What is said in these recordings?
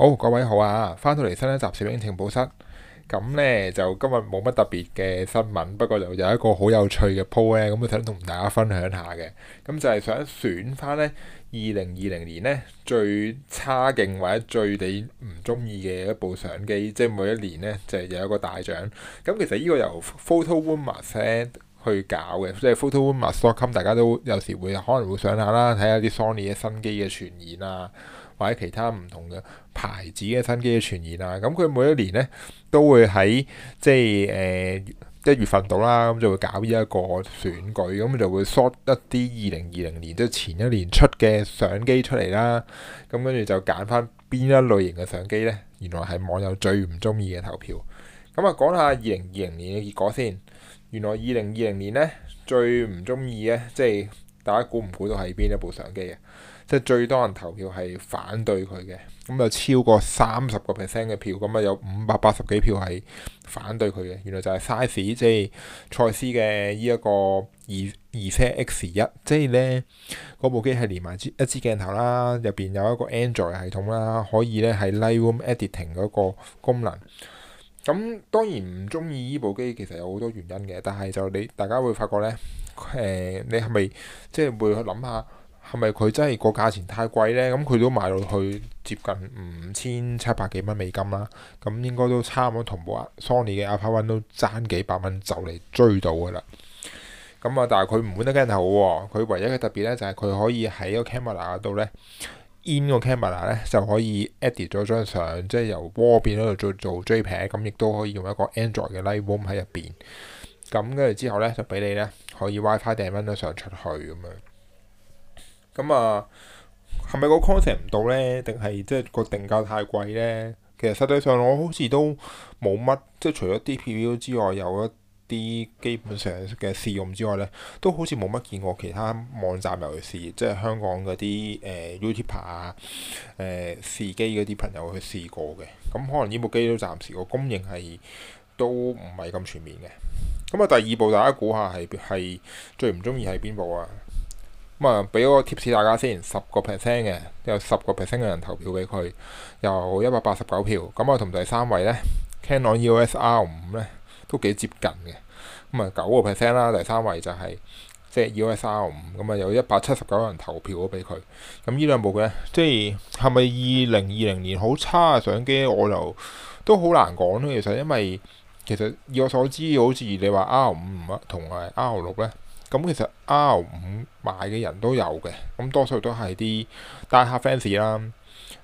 好，各位好啊！翻到嚟新一集攝影情報室，咁呢，就今日冇乜特別嘅新聞，不過就有一個好有趣嘅 po 呢，咧，咁我想同大家分享下嘅。咁就係想選翻呢，二零二零年呢，最差勁或者最你唔中意嘅一部相機，即係每一年呢，就係、有一個大獎。咁其實呢個由 PhotoWarmers 去搞嘅，即係 PhotoWarmers，大家都有時會可能會想下啦，睇下啲 Sony 嘅新機嘅傳言啊。或者其他唔同嘅牌子嘅新機嘅傳言啊，咁佢每一年呢都會喺即係誒、呃、一月份到啦，咁就會搞呢一個選舉，咁就會 show 一啲二零二零年即係前一年出嘅相機出嚟啦。咁跟住就揀返邊一類型嘅相機呢？原來係網友最唔中意嘅投票。咁啊，講下二零二零年嘅結果先。原來二零二零年呢最唔中意咧，即係大家估唔估到係邊一部相機啊？即係最多人投票係反對佢嘅，咁、嗯、就超過三十個 percent 嘅票，咁、嗯、啊有五百八十幾票係反對佢嘅。原來就係 size，即係蔡司嘅呢一個 ZX1，即係咧部機係連埋一支鏡頭啦，入邊有一個 Android 系統啦，可以咧係 lightroom editing 嗰個功能。咁、嗯、當然唔中意依部機其實有好多原因嘅，但係就你大家會發覺咧，誒、呃、你係咪即係會去諗下？係咪佢真係個價錢太貴咧？咁佢都賣到去接近五千七百幾蚊美金啦。咁應該都差唔多同步啊。Sony 嘅 Alpha One 都爭幾百蚊就嚟追到噶啦。咁啊，但係佢唔換得幾好喎、哦。佢唯一嘅特別咧就係、是、佢可以喺個 camera 度咧 in 個 camera 咧就可以 edit 咗張相，即係由 raw 變咗做做 JPEG，咁亦都可以用一個 Android 嘅 Lightroom 喺入邊。咁跟住之後咧，就俾你咧可以 WiFi 掟翻啲相出去咁樣。咁啊，係咪個 concept 唔到呢？定係即係個定價太貴呢？其實實際上我好似都冇乜，即、就、係、是、除咗啲 PU 之外，有一啲基本上嘅試用之外呢，都好似冇乜見過其他網站尤其是即係、就是、香港嗰啲誒、呃、YouTube 啊、誒、呃、試機嗰啲朋友去試過嘅。咁可能呢部機都暫時個供應係都唔係咁全面嘅。咁啊，第二部大家估下係係最唔中意係邊部啊？咁啊，俾個 tips 大家先，十個 percent 嘅，有十個 percent 嘅人投票俾佢，有一百八十九票。咁啊，同第三位咧 Canon EOS R 五咧，都幾接近嘅。咁啊，九個 percent 啦，第三位就係即係 EOS R 五。咁啊，有一百七十九人投票咗俾佢。咁呢兩部咧，即係係咪二零二零年好差嘅相機？我就都好難講咯。其實因為其實以我所知，好似你話 R 五同埋 R 六咧。咁其實 R 五買嘅人都有嘅，咁多數都係啲大客 fans 啦、誒、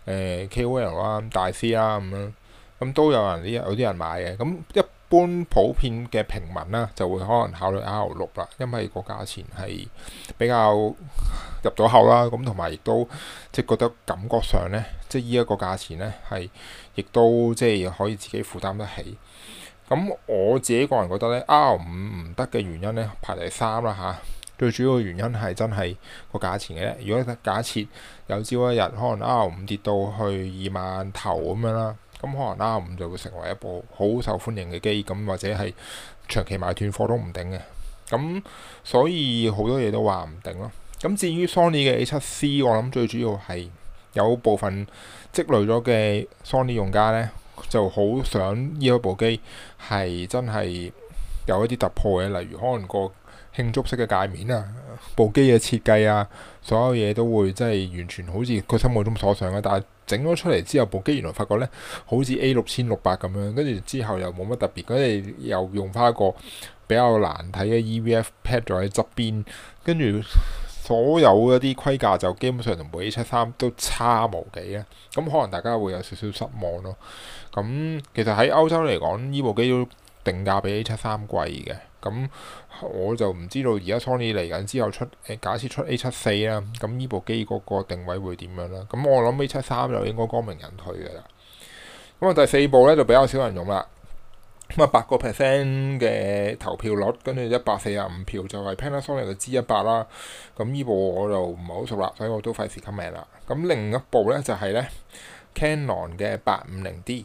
呃、KOL 啦、大師啦咁樣，咁都有人啲有啲人買嘅。咁一般普遍嘅平民啦，就會可能考慮 R 六啦，因為個價錢係比較入到口啦，咁同埋亦都即係覺得感覺上咧，即係依一個價錢咧係亦都即係可以自己負擔得起。咁我自己個人覺得咧，R 五唔得嘅原因咧，排第三啦嚇，最主要嘅原因係真係個價錢嘅。如果假設有朝一日可能 R 五跌到去二萬頭咁樣啦，咁可能 R 五就會成為一部好受歡迎嘅機，咁或者係長期賣斷貨都唔定嘅。咁所以好多嘢都話唔定咯。咁至於 Sony 嘅 A7C，我諗最主要係有部分積累咗嘅 Sony 用家咧。就好想呢一部機係真係有一啲突破嘅，例如可能個輕觸式嘅界面啊，部機嘅設計啊，所有嘢都會真係完全好似佢心目中所想嘅。但係整咗出嚟之後，部機原來發覺呢好似 A 六千六百咁樣，跟住之後又冇乜特別，跟住又用翻一個比較難睇嘅 EVF pad 咗喺側邊，跟住。所有一啲規格就基本上同 A 七三都差無幾咧，咁可能大家會有少少失望咯。咁其實喺歐洲嚟講，呢部機都定價比 A 七三貴嘅。咁我就唔知道而家 Sony 嚟緊之後出誒，假設出 A 七四啦，咁呢部機嗰個定位會點樣啦？咁我諗 A 七三就應該光明隱退嘅啦。咁啊，第四部咧就比較少人用啦。咁啊，八個 percent 嘅投票率，跟住一百四十五票就係 Panasonic 嘅 G100 啦。咁呢部我就唔係好熟啦，所以我都費事噏名啦。咁另一部咧就係、是、咧 Canon 嘅八五零 D。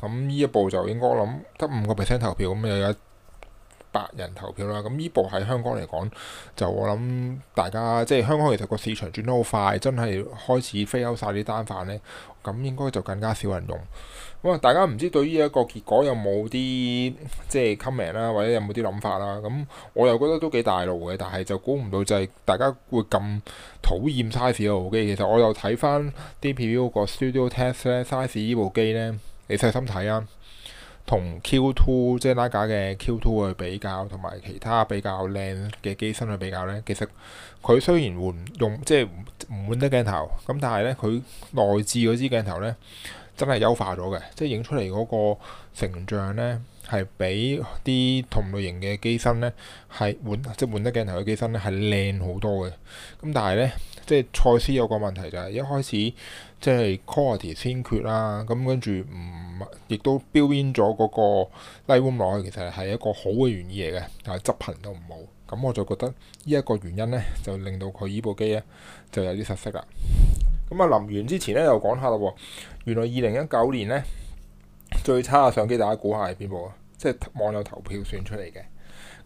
咁呢一部就應該我諗得五個 percent 投票，咁又有一百人投票啦。咁呢部喺香港嚟講，就我諗大家即係香港其實個市場轉得好快，真係開始飛歐晒啲單反咧，咁應該就更加少人用。哇！大家唔知對於一個結果有冇啲即係 comment 啦，或者有冇啲諗法啦？咁我又覺得都幾大路嘅，但係就估唔到就係大家會咁討厭 Size 嗰部機。其實我又睇翻 DPU 嗰個 Studio Test 咧，Size 呢部機咧，你細心睇啊，同 Q2 即係拉架嘅 Q2 去比較，同埋其他比較靚嘅機身去比較咧，其實佢雖然換用即係唔換得鏡頭，咁但係咧佢內置嗰支鏡頭咧。真係優化咗嘅，即係影出嚟嗰個成像呢，係比啲同類型嘅機身呢，係換即係換得鏡頭嘅機身呢，係靚好多嘅。咁但係呢，即係蔡司有個問題就係、是、一開始即係 quality 先決啦，咁跟住唔亦都標淹咗嗰個 Lightroom 落去其實係一個好嘅原因嚟嘅，但係執行都唔好。咁我就覺得呢一個原因呢，就令到佢呢部機呢，就有啲失色啦。咁啊，臨完之前咧又講下咯喎，原來二零一九年咧最差嘅相機，大家估下係邊部啊？即係網友投票選出嚟嘅。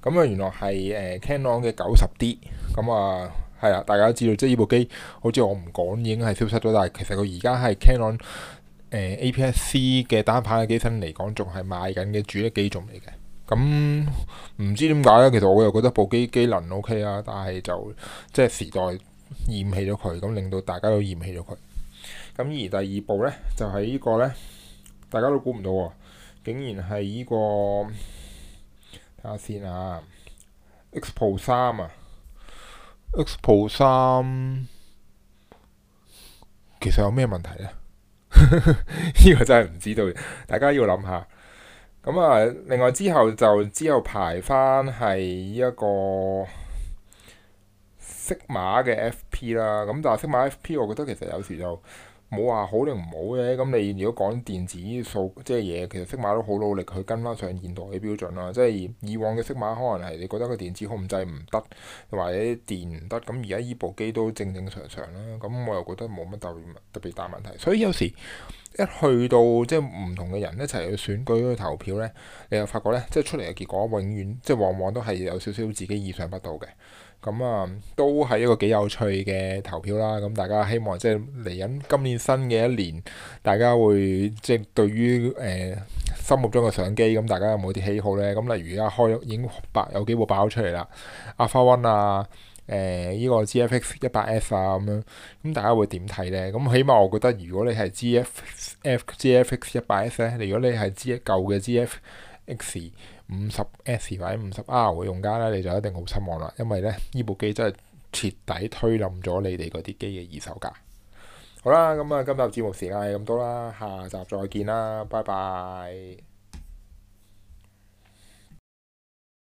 咁啊，原來係誒 Canon 嘅九十 D、嗯。咁啊，係啊，大家都知道，即係呢部機，好似我唔講已經係消失咗，但係其實佢而家係 Canon 誒、呃、APS-C 嘅單拍嘅機身嚟講，仲係賣緊嘅主力機種嚟嘅。咁、嗯、唔知點解咧？其實我又覺得部機機能 OK 啊，但係就即係時代嫌棄咗佢，咁令到大家都嫌棄咗佢。咁而第二步呢，就喺、是、呢個呢，大家都估唔到喎，竟然係呢、呢個睇下先啊，XPro 三啊，XPro 三其實有咩問題呢？呢 個真係唔知道，大家要諗下。咁啊，另外之後就之後排翻係一個。Sigma 嘅 F.P. 啦，咁但係 Sigma F.P. 我覺得其實有時就冇話好定唔好嘅。咁你如果講電子數即係嘢，其實 Sigma 都好努力去跟翻上現代嘅標準啦。即係以往嘅 Sigma 可能係你覺得個電子控制唔得，或者電唔得，咁而家呢部機都正正常常啦。咁我又覺得冇乜特別特別大問題。所以有時一去到即係唔同嘅人一齊去選舉去投票呢，你又發覺呢，即係出嚟嘅結果永遠即係往往都係有少少自己意想不到嘅。咁啊、嗯，都係一個幾有趣嘅投票啦。咁、嗯、大家希望即係嚟緊今年新嘅一年，大家會即係對於誒、呃、心目中嘅相機，咁、嗯、大家有冇啲喜好咧？咁、嗯、例如而家、啊、開咗已經爆有幾部爆出嚟啦，阿法 One 啊，誒、呃、依、這個 GFX 一百 S 啊咁樣，咁、嗯嗯、大家會點睇咧？咁、嗯、起碼我覺得如 G F, F, G，如果你係 GFX GFX 一百 S 咧，如果你係 G 舊嘅 GFX。五十 S 或者五十 R 嘅用家咧，你就一定好失望啦，因為咧，呢部機真係徹底推冧咗你哋嗰啲機嘅二手價。好啦，咁、嗯、啊今集節目時間係咁多啦，下集再見啦，拜拜。